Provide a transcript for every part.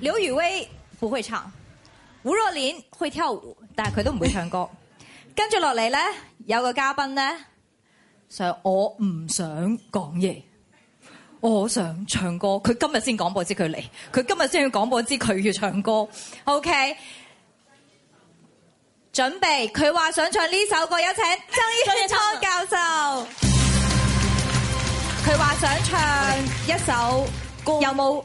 劉如威，不會唱，吳若蓮會跳舞，但係佢都唔會唱歌。跟住落嚟咧，有個嘉賓咧，我想我唔想講嘢，我想唱歌。佢今日先廣播知佢嚟，佢今日先要廣播知佢要唱歌。OK， 準備，佢話想唱呢首歌，有請曾淵滄教授。佢話 想唱一首歌，有冇？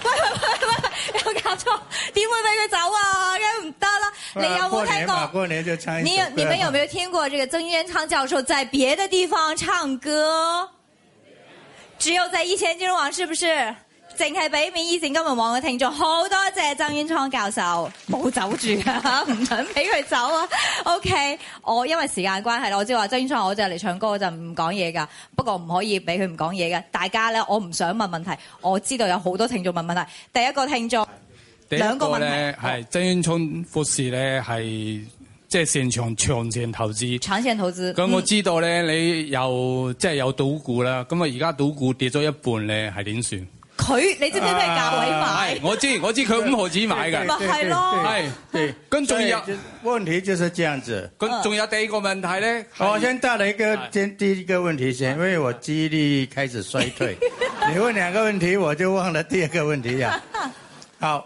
點會俾佢走啊？唔得啦。啊、你有冇聽過你有你們有沒有聽過這個曾淵滄教授在別的地方唱歌？只有、啊、在《一千金網》是不是？淨係俾《名一千金網》嘅聽眾。好多謝曾淵滄教授，冇 走住吓、啊，唔想俾佢走啊。OK，我因為時間關係啦，我知道曾淵滄我就嚟唱歌，我就唔講嘢噶。不過唔可以俾佢唔講嘢嘅。大家咧，我唔想問問題，我知道有好多聽眾問問題。第一個聽眾。 第一個咧，係曾淵滄博士咧，係即係擅長長線投資。長線投資。咁我知道咧，你有即係有賭股啦。咁啊，而家賭股跌咗一半咧，係點算？佢，你知唔知咩價位買？我知，我知佢五毫子買噶。咪係咯。係，對。咁仲有問題就是這樣子。咁仲有第二個問題咧？我先答第一個，先第一個問題先，因為我記憶力開始衰退。你問兩個問題，我就忘了第二個問題呀。好。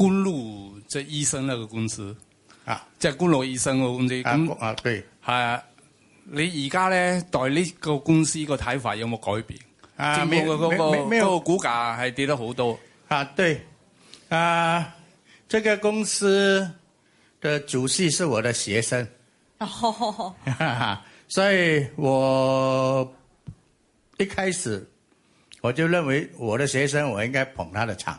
官路即醫生呢個公司，啊，即係官路醫生個公司咁啊，對，係啊，你而家咧對呢個公司個睇法有冇改變？啊，咩、那個咩個股價係跌得好多？啊，對，啊，這個公司的主席是我的學生，哦，oh. 所以我一開始我就認為我的學生我應該捧他的場。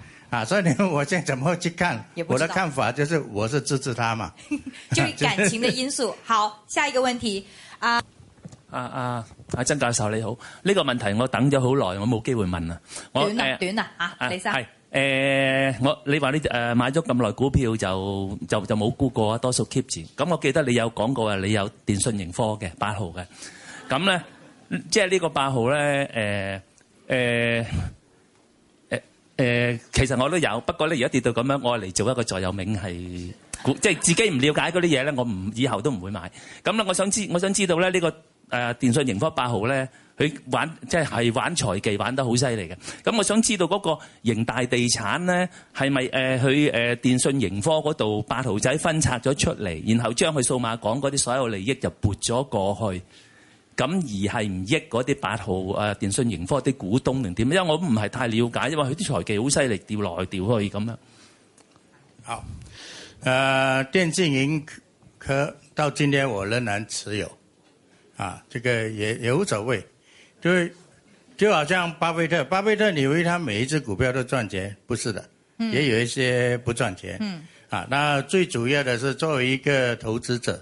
啊，所以你我先怎麼去看？我的看法就是，我是支持他嘛。 就感情的因素。好，下一個問題、uh，啊。啊啊，阿曾教授你好，呢、這個問題我等咗好耐，我冇機會問了我了了啊。短啊，短啊沙，啊，李生係誒，我你話你誒、呃、買咗咁耐股票就就就冇沽過啊，多數 keep 住。咁我記得你有講過啊，你有電訊盈科嘅八號嘅。咁咧，即、就、係、是、呢個八號咧，誒、呃、誒。呃呃、其實我都有，不過咧，而家跌到咁樣，我嚟做一個座右銘係，即係自己唔了解嗰啲嘢咧，我唔以後都唔會買。咁啦，我想知，我想知道咧，呢個誒、呃、電信盈科八號咧，佢玩即係係玩財技，玩得好犀利嘅。咁我想知道嗰個盈大地產咧，係咪誒佢誒電信盈科嗰度八號仔分拆咗出嚟，然後將佢數碼港嗰啲所有利益就撥咗過去？咁而係唔益嗰啲八號誒電訊盈科啲股東定點，因為我唔係太了解，因為佢啲財技好犀利，調來調去咁樣。好，誒、呃、電訊盈科到今天我仍然持有，啊，這個也也無所謂，就就好像巴菲特，巴菲特以為他每一支股票都賺錢，不是的，嗯、也有一些不賺錢。嗯。啊，那最主要的是作為一個投資者。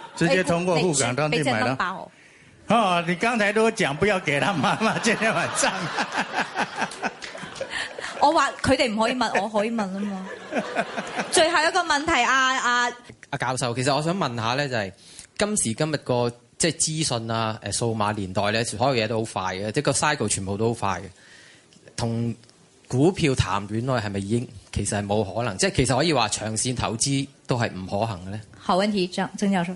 直接通過滬港當地買到。你剛、哦、才都講不要給他媽媽，今天晚上。 我話佢哋唔可以問，我可以問啊嘛。最後一個問題啊啊。阿、啊、教授，其實我想問一下咧、就是，就係今時今日個即係資訊啊，誒，數碼年代咧，所有嘢都好快嘅，即係個 cycle 全部都好快嘅。同股票談戀愛係咪已經其實係冇可能？即係其實可以話長線投資都係唔可行嘅咧。好問題，張曾教授。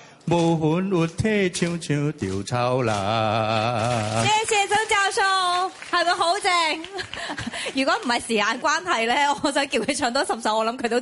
謝謝曾教授，係咪好正如果唔係時間關係咧，我想叫佢唱多十首，我諗佢都。